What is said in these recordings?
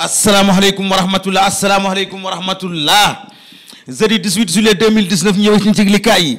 asalaamaaleykum wa rahmatullah asalaamaaleykum wa rahmatullah jeudi 18 juillet 2019 ñëw ci yëglikaay yi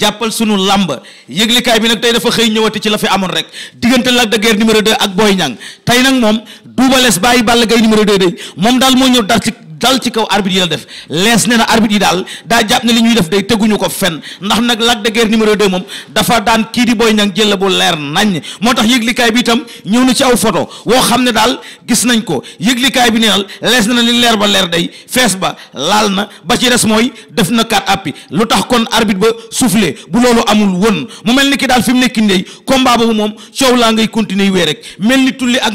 jàppal sunu làmb yëglikaay bi nag tey dafa xëy ñëwati ci la fi amoon rek diggante Lac de Guiers de ak Boy Niang tey nag moom Double Less bàyyi Balla Gaye numéro 2 day moom daal moo ñëw dar ci dal ci kaw arbitre yi la def lees nee na arbitre yi daal daa jàpp ne li ñuy def day teguñu ko fenn ndax nag Lac de Guiers numéro 2 moom dafa daan kii di Boy Niang jël bu leer nañ moo tax yëglikaay bi itam ñëw na ci aw photo woo xam ne daal gis nañ ko yëglikaay bi neenal lees na na li leer ba leer day fees ba laal na ba ci des mooy def na kat appi lu tax kon arbitre ba soufflé bu loolu amul woon mu mel ni ki daal fi mu nekki ndey combat boobu moom coow laa ngay continuer yi wee rek mel ni tulli ak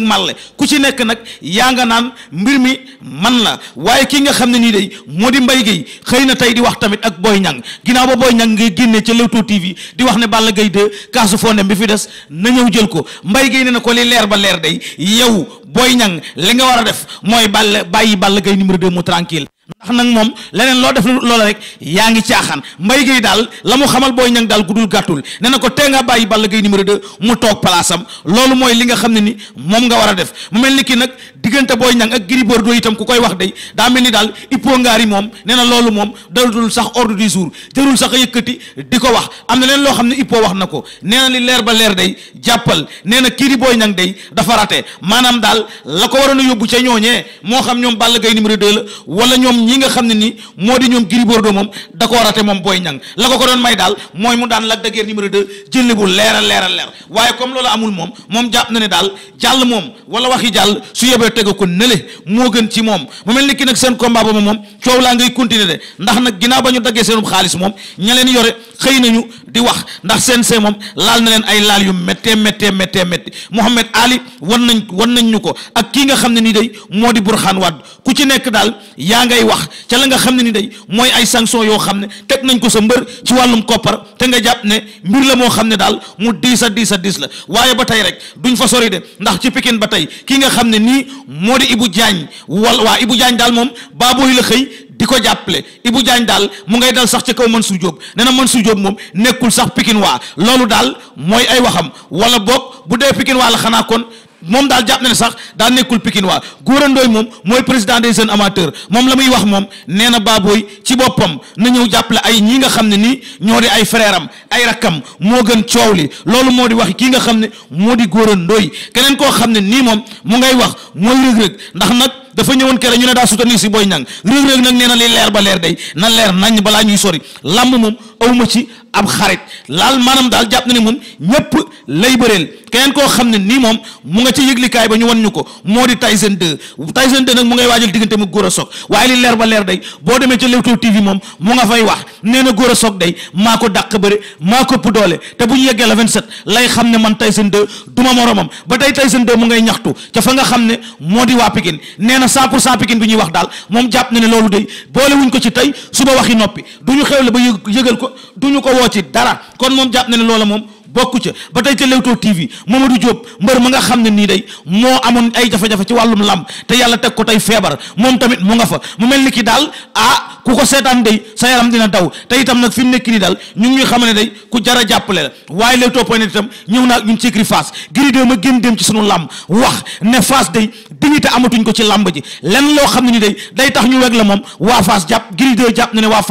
ku ci nekk nag yaa nga naan mbir mi man la waaye kii nga xam ne nii day moo di Mbaye Gueye xëy na tey di wax tamit ak Boy Niang ginnaaw ba Boy Niang ngay génne ca Leewtoo TV di wax ne Balla Gaye 2 kaasu fondem bi fi des na ñëw jël ko mbay Gueye ne na ko li leer ba leer dey yow Boy Niang li nga war a def mooy Balla bàyyi Balla Gaye numéro 2 moo tranquille ndax nag moom leneen loo def loola rek yaa ngi caaxaan mbay gay daal la mu xamal booy ñang daal gudul gàttul nee na ko tee nga bàyyi Balla Gaye numéro 2 mu toog palaasam loolu mooy li nga xam ne ni moom nga war a def mu mel ni kii nag diggante booy ñang ak Gris Bordeaux itam ku koy wax day daa mel ni daal ippo ngaari moom nee na loolu moom daludul sax ordre du jour jërul sax a yëkkati di ko wax am na leen loo xam ne ippo wax na ko nee na li leer ba leer day jàppal nee na kii di booy ñang day dafa rate maanaam daal la ko waroon a yóbbu ca ñooñee moo xam ñoom Balla Gaye numéro 2 la wala ñoom ñi nga xam ne ni moo di ñoom Gris Bordeaux moom da ko moom Boy Niang la ko ko doon may daal mooy mu daan Lac de Guiers numéro 2 jëlle bu leer leera leer leer waaye comme loolu amul moom moom jàpp na ne daal jàll moom wala waxi jàll su yebee teg ko nële moo gën ci moom mu mel ni ki nag seen combat boobu moom coow laa ngay continuer de ndax nag ginnaaw ba ñu daggee seenub xaalis moom ña leen yore xëy nañu di wax ndax seen see moom laal na leen ay laal yu méttee méttee méttee métti Mouhamed Ali wan nañ wan nañ ñu ko ak kii nga xam ne ni day moo di Burxaan Wàdd ku ci nekk daal ngay wax ca la nga xam ne ni day mooy ay sanction yoo xam ne teg nañ ko sa mbër ci wàllum koppar te nga jàpp ne mbir la moo xam ne daal mu diis a sa a diis la waaye ba tey rek duñ fa sori de ndax ci Pikine ba tey ki nga xam ne nii moo di Ibou Diagne wal waa Ibou Diagne daal moom baabooy la xëy di ko jàppale Ibou Diagne daal mu ngay dal sax ca kaw man su Diop nee na su Diop moom nekkul sax Pikine waa loolu daal mooy ay waxam wala boog bu dee Pikine waa moom daal jàpp na ne sax daa nekkul Pikine waa Gora Ndoye moom mooy président des jeunes amateurs moom la muy wax moom nee na Baboy ci boppam na ñëw jàppale ay ñi nga xam ne nii ñoo di ay frère am ay rakkam moo gën coow li loolu moo di wax kii nga xam ne moo di Gora Ndoye keneen koo xam ne nii moom mu ngay wax mooy rëg-rëg ndax nag dafa ñëwoon kere ñu ne daa soutenir si Boy Niang rëg-rëg nag nee na li leer ba leer day na leer nañ balaa ñuy sori làmb moom awma ci ab xarit laal maanaam mu nga ca yëglikaay ba ñu wan ñu ko moo di Tyson 2 Tyson 2 nag a soog waaye li leer ba leer day boo demee ca Leewtoo TV moom mu nga fay wax nee na góor a soog day la lay xam ne man Tyson 2 du ma moromam ba tey Tyson 2 mu ngay ñaxtu ca fa nga xam ne moo di waa Pikine nee na 100 pour 100 Pikine bi ñuy wax daal moom jàpp na ne loolu day boole wuñ ko ci tey suba waxi noppi du ñu xewle ba yëgal ko du ñu ko woo ci dara kon moom jàpp na ne loola moom bokku ca ba tey ca Leewtoo TV Mamadou Diop mbër ma nga xam ne nii day moo amoon ay jafe-jafe ci wàllum lam te yàlla teg ko tey feebar moom tamit mu nga fa mu mel ni kii daal ah ku ko seetaan day sa yaram dina daw te itam nag fi mu nekk nii daal ñu ngi ñuy xam ne day ku jar a jàppale la waaye Leewtoo point itam ñëw naa ñu ci écurie Fass Gris 2 ma gën dem ci sunu lam wax ne Fass day dignité amatuñ ko ci lamb ji lenn loo xam ne ni day day tax ñu la moom waa Fass jàpp Gris 2 jàpp na ne waa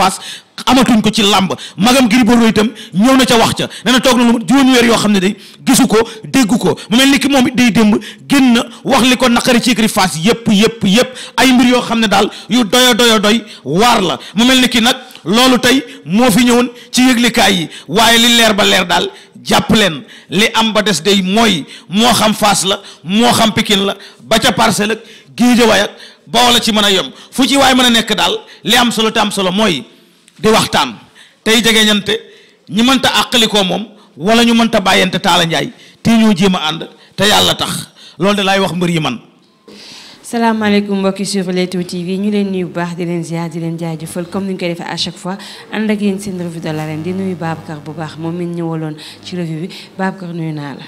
amatuñ ko ci làmb magam Gris Bordeaux itam ñëw na ca wax ca nee na toog na lu juróomi weer yoo xam ne day gisu ko déggu ko mu mel ni ki moom it day démb génn wax li ko naqari ci Gris Fass yépp yépp yépp ay mbir yoo xam ne daal yu doya doya doy waar la mu mel ni ki nag loolu tey moo fi ñëwoon ci yëglikaay yi waaye li leer ba leer daal jàpp leen li am ba des day mooy moo xam Fass la moo xam Pikine la ba ca Parcelles ak Guédiawaye ak Bawol la ci mën a yem fu ci waaye mën a nekk daal li am solo te am solo mooy di waxtaan tey jegeñante ñi mënta àqalikoo moom wala ñu mënta bàyyante taala njaay te ñoo jéem a ànd te yàlla tax loolu de laay wax mbër yi man salaamaaleykum mbokki suivre Leewtoo TV ñu leen nuyu bu baax di leen ziar di leen jaajëfal comme ni ñu koy defee à chaque fois ànd ak yéen seen revue de l'arène di nuyu Babacar bu baax moom mi ñu ñëwaloon ci revue bi Babacar nuyu naa la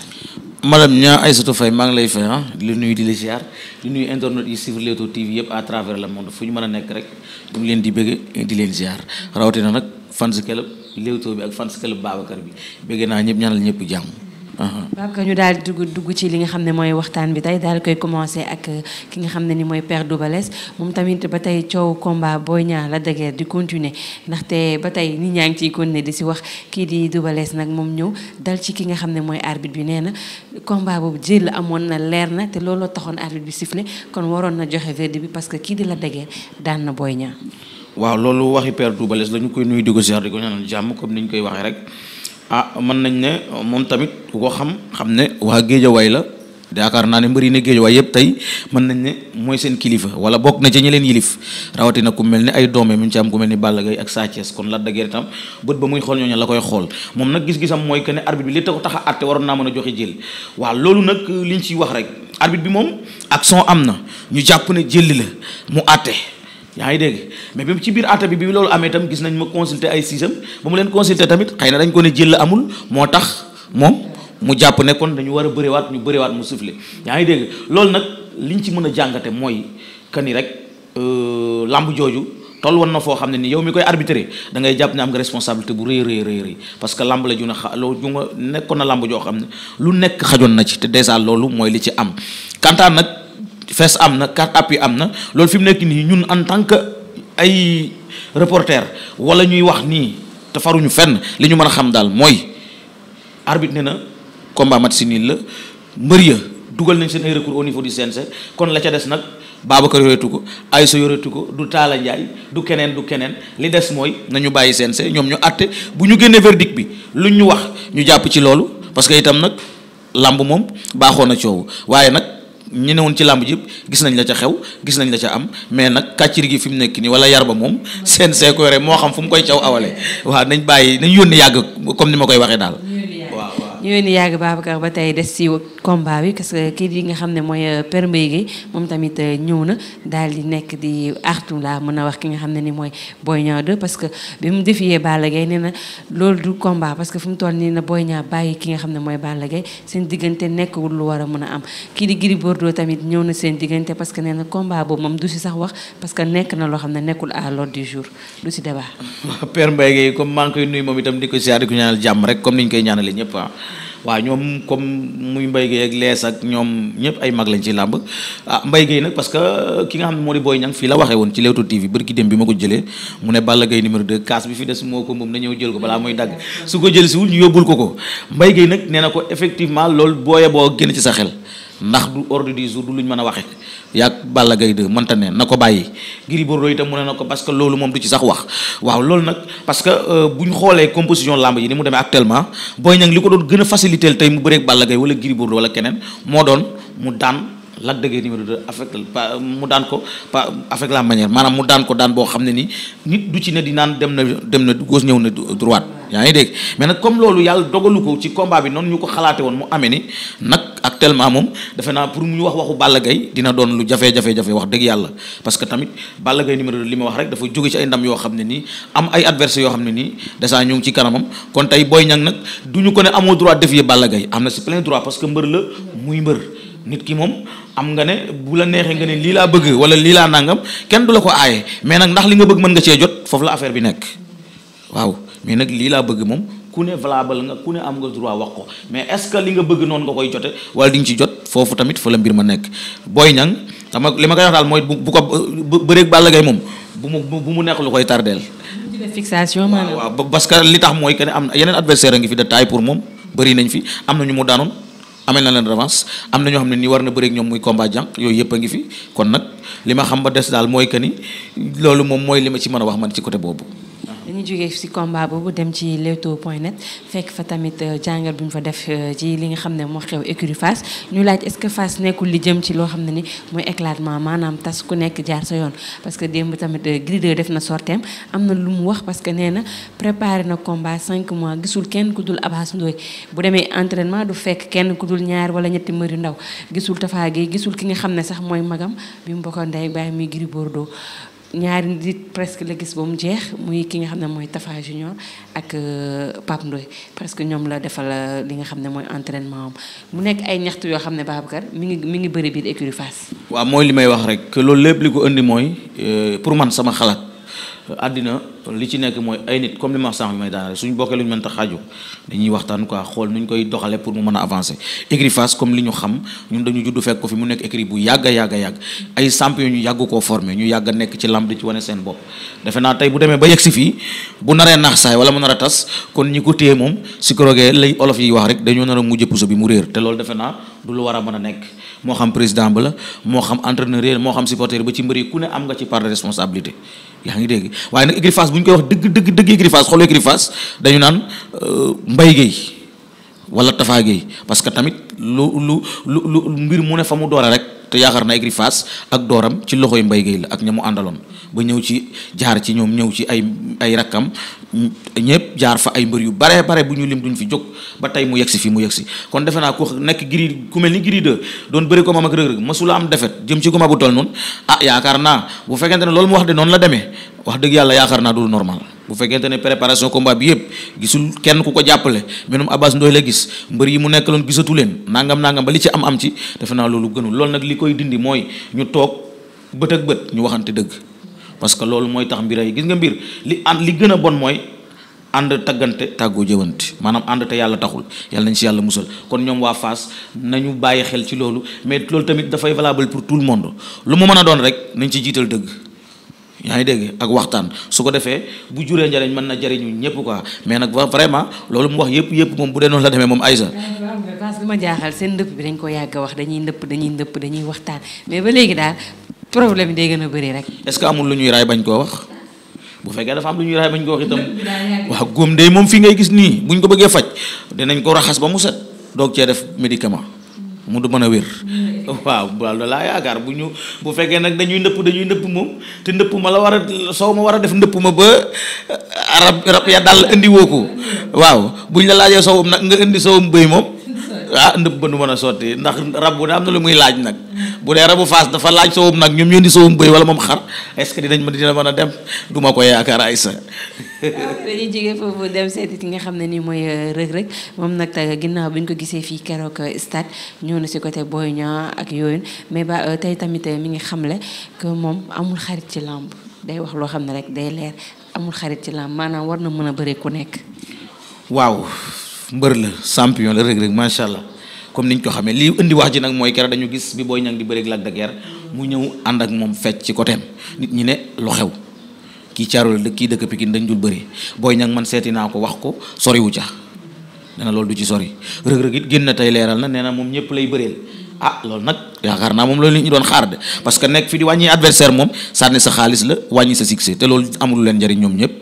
madame ñaa ay Faye maa ngi lay fay ah li nuyu di la ziar li nuyu internet yi suivre Leewtoo TV yëpp à travers le monde fu ñu mën a nekk rek ñu leen di bëgg di leen ziar rawatina nag fans club Leewtoo bi ak fans club Babacar bi bëgg naa ñëpp ñaanal ñëpp jàmm. donc uh-huh. ñu daal di dugg dugg ci li nga xam ne mooy waxtaan bi tey daal koy commencé ak uh, ki nga xam ne ni mooy per Doubalès moom tamit ba tey coow combat Boy Niang Lac de di continuer ndaxte ba tey ñaa ngi ciy continuer di si wax kii di Doubalès nag moom ñëw dal ci ki nga xam ne mooy arbitre bi nee na combat boobu jël amoon na leer na te looloo taxoon arbitre bi sifflé kon waroon na joxe verdict bi parce que kii di la degee daan na booy Niang waaw loolu waxi Père Doubalès la ñu koy nuyu di ko ziar di ko ñaanal jàmm comme ni ñu koy waxee rek. ah mën nañ ne moom tamit ku ko xam xam ne waa géejawaay la yaakaar naa ne mbëri ne géejawaay yëpp tey mën nañ ne mooy seen kilifa wala bokk na ci ñi leen yilif rawatina ku mel ni ay doomee mi ci am ku mel ni Balla Gaye ak Sa Thiès kon Lac de Guiers itam bët ba muy xool ñooñu la koy xool moom nag gis-gisam mooy que ne arbitre bi li ko tax a àtte waroon naa mën a joxe jël waaw loolu nag liñ ciy wax rek arbitre bi moom ak action am na ñu jàpp ne jëlli la mu àtte yaa ngi dégg mais bi ci biir atta bi bi loolu amee itam gis nañ ma consulter ay siisam ba mu leen consulter tamit xëy na dañ ko ne jël amul moo tax moom mu jàpp ne kon dañu war a bëriwaat ñu bëriwaat mu soufflé yaa ngi dégg loolu nag liñ ci mën a jàngate mooy que ni rek euh, làmb jooju toll woon na foo xam ne ni yow mi koy arbitré da ngay jàpp ne am nga responsabilité bu rëy rëy rëy parce que làmb la ju ne xa loo ju nga nekkoon na làmb joo xam ne lu nekk xajoon na ci te dèjà loolu mooy li ci am fees am na carte appui am na loolu fi mu nekk nii ñun en tant que ay reporter wala ñuy wax nii te faruñu fenn li ñu mën a xam daal mooy arbitre ne na combat si nul la mbër ya dugal nañ seen ay recours au niveau du CNG kon la ca des nag Babacar yoretu ko ay Aïssa yoretu ko du Talla Ndiaye du keneen du keneen li des mooy nañu bàyyi seen se ñoom ñu àtte bu ñu génnee verdict bi lu ñu wax ñu jàpp ci loolu parce que itam nag làmb moom baaxoon na coow waaye nag ñi newoon ci làmb ji gis nañ la ca xew gis nañ la ca am mais nag kàccir gi fi mu nekk nii wala yar ba moom seen see moo xam fu mu koy caw awale waaw nañ bàyyi nañ yónni yàgg comme ni ma koy waxee daal. waaw waaw ñu yónni yàgg Babacar ba tey des si combat bi parce que kii yi nga xam ne mooy euh, Père Mbaye moom tamit euh, ñëw na daal di nekk di artu laa mën a wax ki nga xam ne ni mooy Boy Niang parce que bi mu défier Balla Gaye nee na loolu du combat parce que fu mu toll nii na Boy bàyyi ki nga ne mooy Balla Gaye seen diggante nekkul lu war a mën a am kii di Gris Bordeaux tamit ñëw na seen diggante parce que nee na combat boobu moom du si sax wax parce que nekk na loo xam ne nekkul à l'ordre du jour du si débat. Père comme maa ngi koy nuyu moom itam di ko siyaare di ñaanal jàmm rek comme ni ñu koy ñaanalee ñëpp ah. waaw ñoom comme muy Mbaye Guèye ak lees ak ñoom ñëpp ay mag lañ ci làmb ah Mbaye Guèye nag parce que ki nga xam ne moo di Boy Niang fii la waxee woon ci Leewtoo TV bërki dem bi ma ko jëlee mu ne Balla Gaye numéro 2 kaas bi fi des moo ko moom na ñëw jël ko balaa muy dagg su ko jël si ñu yóbbul ko ko mbay Guèye nag nee na ko effectivement lool booye boo génn ci sa xel ndax du ordre du jour du luñ mën a waxe yaag Balla Gaye 2 mënta ne na ko bàyyi Gris Bordeaux itam mu ne na ko parce que loolu moom du ci sax wax waaw loolu nag parce que euh, bu ñu xoolee composition lamb yi ni mu demee actuellement Boy Niang li ko doon gën a faciliter tey mu bëreeg Balla Gaye wala Gris Bordeaux wala keneen moo doon mu daan Lac de Guiers numéro avec pa mu daan ko pa avec la manière maanaam mu daan ko daan boo xam ne ni nit du ci ne di dem na dem na gauche ñëw na droite yaa ngi dégg mais nag comme loolu yàlla dogalu ko ci combat bi noonu ñu ko xalaate woon mu amee ni nag actuellement moom defe naa pour mu wax waxu Balla Gaye dina doon lu jafe-jafe-jafe wax dëgg yàlla parce que tamit Balla Gaye numéro li ma wax rek dafa jóge ci ay ndam yoo xam ne nii am ay adversaires yoo xam ne nii déjà ñu ngi ci kanamam kon tey booy ñan nag du ñu ko ne amoo droit défier Balla Gaye am na si plein droit parce que mbër la muy mbër nit ki moom am nga ne bu la neexee nga ne lii laa bëgg wala lii laa nangam kenn du la ko aaye mais nag ndax li nga bëgg mën cee jot foofu la affaire bi nekk waaw mais lii laa bëgg moom ku ne valable nga ku ne am nga droit wax ko mais est-ce li nga bëgg noonu nga koy jote wala di nga ci jot foofu tamit fa la mbir ma nekk booy Niang dama li ma koy wax daal mooy bu bu ko bëreeg Balla Gaye moom bu mu bu mu nekk lu koy tardeel fixation maanaam waaw parce que li tax mooy que ne am yeneen adversaire a ngi fi de taille pour moom bëri nañ fi am na ñu mu daanoon amee na leen revanche am na ñoo xam ne nii war na bëreeg ñoom muy combat jànq yooyu yëpp a ngi fi kon nag li ma xam ba des daal mooy que ni loolu moom mooy li ma ci mën a wax man ci côté boobu dañuy jógee si combat boobu dem ci leewtoo point net fekk fa tamit euh, jàngar bu ñu fa def euh, ci li nga xam ne moo xew écurie Fass ñu laaj est ce que Fass nekkul li jëm ci loo xam ne ni mooy éclatement tas ku nekk jaar sa yoon parce que démb tamit euh, grideur def na sorteem am na lu mu wax parce que nee na préparé na combat 5 mois gisul kenn ku dul Abass Ndoye bu demee entraînement du fekk kenn ku dul ñaar wala ñetti mëri ndaw gisul Tafa Gueye gisul ki nga xam ne sax mooy magam bi mu bokkoon ndey baay muy Gris Bordeaux ñaari nit presque la gis ba mu jeex muy ki nga xam ne mooy Tafa Junior ak euh, Pape Ndoye presque ñoom la defal euh, li nga xam ne mooy entrainement am mu nekk ay ñaxtu yoo xam ne Babacar mi ngi mi ngi bëri biir écurie Fass. waa mooy li may wax rek loolu lépp li ko indi mooy euh, pour man sama xalaat. àddina li ci nekk mooy ay nit comme li ma wax sànq bi may daanare suñu bokkee lu ñu mën ta xaaju dañuy waxtaan quoi xool nuñ koy doxale pour mu mën a avancer écurie Fass comme li ñu xam ñun dañu juddu fekk ko fi mu nekk écurie bu yàgg a yàgg a yàgg ay ñu yàgg ko formé ñu yàgg nekk ci lamb di ci wane seen bopp defe naa tey bu demee ba yegg si fii bu naree nax saay wala mu nar a tas kon ñi ko téye moom si korogee lay olof yi wax rek dañoo nar a mujj puso bi mu réer te loolu defe du lu war a mën a nekk moo xam président ba la moo xam entraîneur yi moo xam supporter ba ci mbër ku ne am nga ci par de responsabilité yaa ngi dégg waaye nag écurie Fass bu ñu koy wax dëgg dëgg dëgg écurie Fass xool écurie Fass dañu naan euh, Mbaye Guèye wala Tafa Guèye parce que tamit lu lu lu lu mbir mu ne fa mu doore rek te yaakaar na écurie Fass ak dooram ci loxoy Mbaye Guèye la ak ña àndaloon ba ñëw ci jaar ci ñoom ñëw ci ay ay rakkam ñëpp jaar fa ay mbër yu bare bare bu ñu lim duñ fi jóg ba tey mu yegsi fii mu yegsi kon defe naa ku nekk giri ku mel ni giri de doon bëri ko moom ak rëg-rëg masula am defet jëm ci goma bu toll noonu ah yaakaar naa bu fekkente ne loolu mu wax de noonu la demee wax dëgg yàlla yaakaar naa du normal bu fekkente ne préparation combat bi yëpp gisul kenn ku ko jàppale menum Abbas Ndoy la gis mbër yi mu nekk loon gisatu leen nangam nangam ba li ci am am ci defe naa loolu gënul loolu nag li koy dindi mooy ñu toog bët ak bët ñu waxante dëgg parce que loolu mooy tax mbir yi gis nga mbir li ànd li gën a bon mooy ànd taggante tàggoo jëwante maanaam ànd te yàlla taxul yàlla nañ ci yàlla musal kon ñoom waa Fass nañu bàyyi xel ci loolu mais loolu tamit dafay valable pour tout le monde lu mu mën a doon rek nañ ci jiital dëgg yaa ngi dégg ak waxtaan su ko defee bu juree njariñ mën na jariñu ñëpp quoi mais nag vraiment loolu mu wax yëpp yëpp moom bu dee noonu la demee moom Aïssa. waaw li ma jaaxal ko yàgg wax dañuy ndëpp dañuy problème yi day gën a bëri rek. est-ce que lu ñuy raay bañ koo wax bu fekkee dafa am lu ñuy raay bañ koo wax itam waaw góom day moom fii ngay gis nii buñ ko bëggee faj dinañ ko raxas ba mu set doog cee def médicament. mu du mën a wér. waaw loolu laa yaakaar bu ñu bu fekkee nag dañuy nëpp dañuy nëpp moom te nëpp ma la war a soo ma war a def nëpp ma ba rab rab ya dal indiwoo ko waaw buñ la laajee sowam nag nga indi sowam bëy moom. ah ndëpp ba nu mën a sotti ndax rab bu ne am na lu muy laaj nag bu dee rabu faas dafa laaj sowum nag ñoom ñoo di sowum bëy wala moom xar est ce que dinañ dina mën a dem du ma ko yaakaar ay sa ah, dañuy jógee foofu dem ki nga xam ne nii mooy euh, rëg-rëg moom nag ginnaaw bi ko gisee fii keroog euh, stat ñëw na si côté booy Niang ak yooyu mais ba euh, tey tamit mi ngi xamle que moom amul xarit ci làmb day wax loo xam ne rek day leer amul xarit ci làmb maanaam war na mën a bëree ku nekk waaw mbër la champion la Reug Reug macha allah comme niñ ko xamee lii indi wax ji nag mooy keroog dañu gis bi booy ñang di bëreeg Lac mu ñëw ànd ak moom fecc ci côté nit ñi ne lu xew kii caaru la dëkk kii dëkk Pikine dañ seeti naa ko wax ko soriwu ca na loolu du ci sori Reug Reug it génn na tey leeral na nee na moom ñëpp lay bëreel ah loolu nag yaakaar naa moom loolu ñu doon xaar de parce que nekk fi di wàññi adversaire moom sànni sa xaalis la wàññi sa succès te loolu amul leen njariñ ñoom ñëpp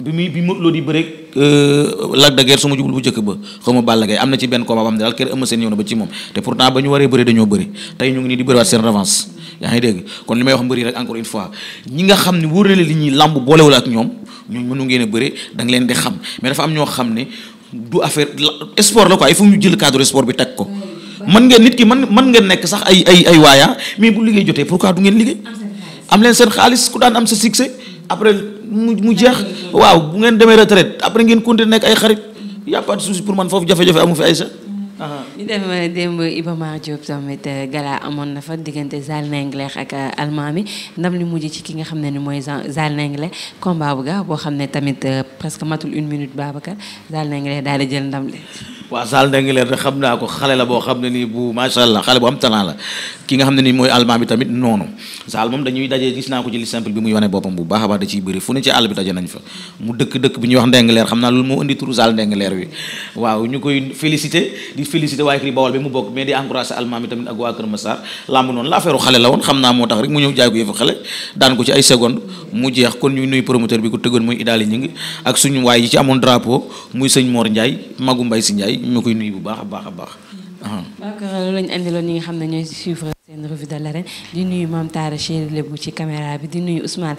bi muy bi Modou Lo di bëreeg euh, Lac de su ma jubul bu njëkk ba xaw ma Balla Gaye am na ci benn combat am daal kër Eumeu Sène ñëw ba ci moom te pourtant ba ñu waree bëri dañoo bëri tey ñu ngi nii di bëriwaat seen revanche yaa ngi dégg kon li may wax mbëri rek encore une fois ñi nga xam ne wóor na li ñuy làmb boolewul ak ñoom ñooñu mënu ngeen a bëre da leen di xam mais dafa am ñoo xam ne du affaire sport la quoi il faut ñu jël cadre sport bi teg ko après mu mu jeex waaw bu ngeen demee retraite après ngeen continuer nekk ay xarit y a pour man foofu jafe-jafe amu fi ay sa Uh-huh. ñu def uh, démb Iba Mar Diop tamit uh, gala uh, ki nga xam ne ni mooy Zal Nengler combat bu ga boo xam ne tamit presque matul une minute Babacar Zal Nengler daal di jël ndam li. naa ko xale la boo xam ne nii bu macha allah xale bu am talent xam nii mooy almaami tamit noonu Zal moom dañuy daje gis a da ciy bëri fu ne ci àll bi daje nañ fa mu dëkk dëkk bi ñuy wax Nengler xam naa loolu moo indi turu Zal Nengler wi waaw ñu koy félicité félicité waaye kii bawal bi mu bokk mais di encouragé almaam yi tamit ak waa Kër Massar lamb noonu la affaire xale la woon xam naa moo tax rek mu ñëw jaay ko yëfu xale daan ko ci ay seconde mu jeex kon ñu promoteur bi ko tëggoon muy idaali ñi a a xam ne ñooy suivre seen revue de l'arène di nuyu Mame Tara Chéri Lébu ci caméra bi di nuyu Ousmane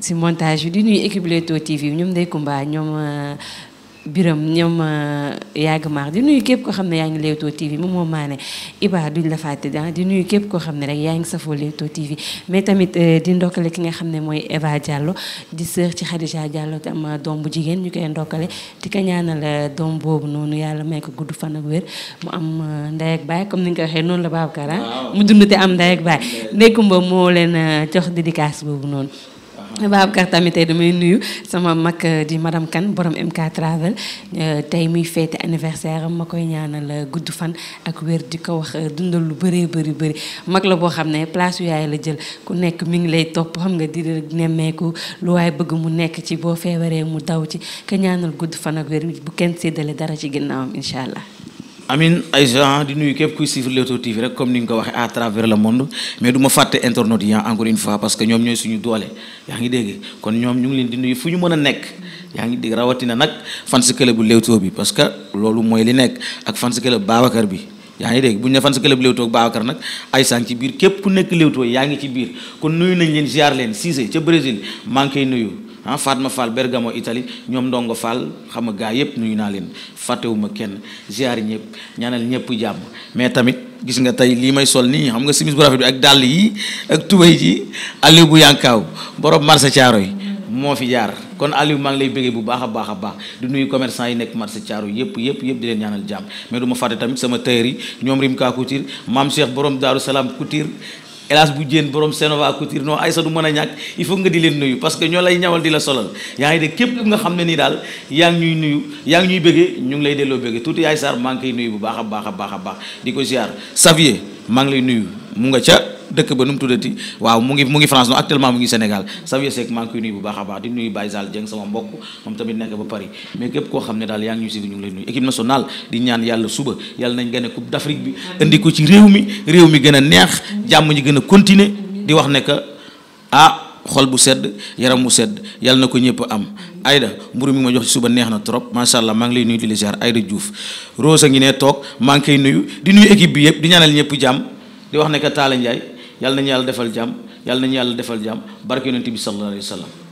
si montage bi di nuyu équipe Leewtoo TV ñoom Ndeye Kumba ñoom euh, biram ñoom euh, yàgg maar di nuyu képp koo xam ne yaa ngi Leewtoo TV moom moo maane Iba la fàtte ah di nuyu képp koo xam ne rek yaa ngi safoo Leewtoo TV mais tamit euh, di ndokkale ki nga xam ne mooy Eva Diallo di sœur ci Khadija Diallo te am euh, doom bu jigéen ñu koy ndokkale di ko ñaanal doom boobu noonu yàlla may ko gudd fan ak wér mu am ndey ak baay comme ni nga ko waxee noonu la Babacar ah. mu dund te am ndey ak baay nekkumba moo leen jox dédicace boobu noonu. Babacar tamit tey damay nuyu sama mag euh, di madame Kane borom MK Travel euh, tey muy feete anniversaire am ma koy ñaanal euh, gudd fan ak wér di ko wax dundal lu bëree bëri bëri mag la boo xam ne place yaay la jël ku nekk mu ngi lay topp xam nga di nemmeeku lu waaye bëgg mu nekk ci boo feebaree mu daw ci ka ñaanal gudd fan ak wér bu kenn séddalee dara ci ginnaawam incha allah. amin Aïcha di nuyu képp kuy suivre Leewtoo TV rek comme ni nga ko waxee à travers le monde mais du ma fàtte internautes yi ah, encore une fois parce que ñoom ñooy suñu doole yaa ngi dégg kon ñoom ñu ngi leen di nuyu fu ñu mën a nekk yaa ngi dégg rawatina nag fans club bu Leewtoo bi parce que loolu mooy li nekk ak fans club Babacar bi yaa ngi dégg bu ne fans club Leewtoo ak Babacar nag Aïcha ngi ci biir képp ku nekk Leewtoo yaa ngi ci biir kon nuyu nañ leen ziar leen Cissé ca Brésil maa ngi ah Fatma Fall Bergamo Italie ñoom Ndongo Fall xam nga gaa yëpp nuyu naa leen fàttewuma kenn ziar ñëpp ñaanal ñëpp jàmm mais tamit gis nga tey lii may sol nii xam nga simis bu rafet bi ak dàll yi ak tubéy ji Aliou bu Yankaaw borom marché Thiaro yi moo fi jaar kon Aliou maa ngi lay bëggee bu baax a baax a baax di nuyu commerçant yi nekk marché Thiaro yëpp yëpp di leen ñaanal jàmm mais du fàtte tamit sama tailleur yi ñoom Rimka Couture maam Cheikh borom hélas bu jéen borom Senova Couture non ay sa du mën a ñàkk il faut nga di leen nuyu parce que ñoo lay ñawal di la solal yaa ngi de képp nga xam ne ni daal yaa ngi ñuy nuyu yaa ngi ñuy bëggee ñu ngi lay delloo bëggee tuuti yaay Sarr maa ngi koy nuyu bu baax a baax a baax a baax di ko ziar Xavier maa ngi lay nuyu mu nga ca dëkk ba nu mu tuddati waaw mu ngi mu ngi France non actuellement mu ngi Sénégal Xavier Seck maa ngi koy nuyu bu baax a baax di nuyu koo xam ne daal yaa ngi ñu si ñu ngi lay nuyu équipe nationale di ñaan yàlla gën a coupe d'Afrique bi indi ko ci réew mi réew a neex jàmm di wax ne ah xol bu sedd yaram bu sedd yàlla na ko ñëpp am Aïda mburu mi ma jox ci suba neex na trop macha allah maa ngi lay nuyu di la ziar Aïda Diouf Rose a ngi ne maa ngi koy nuyu di nuyu équipe bi yëpp di ñaanal ñëpp jàmm di wax ne que Talla yàlla nañu yàlla defal jàmm yàlla nañu yàlla defal jàmm barke yonent bi sallallahu alayhi wa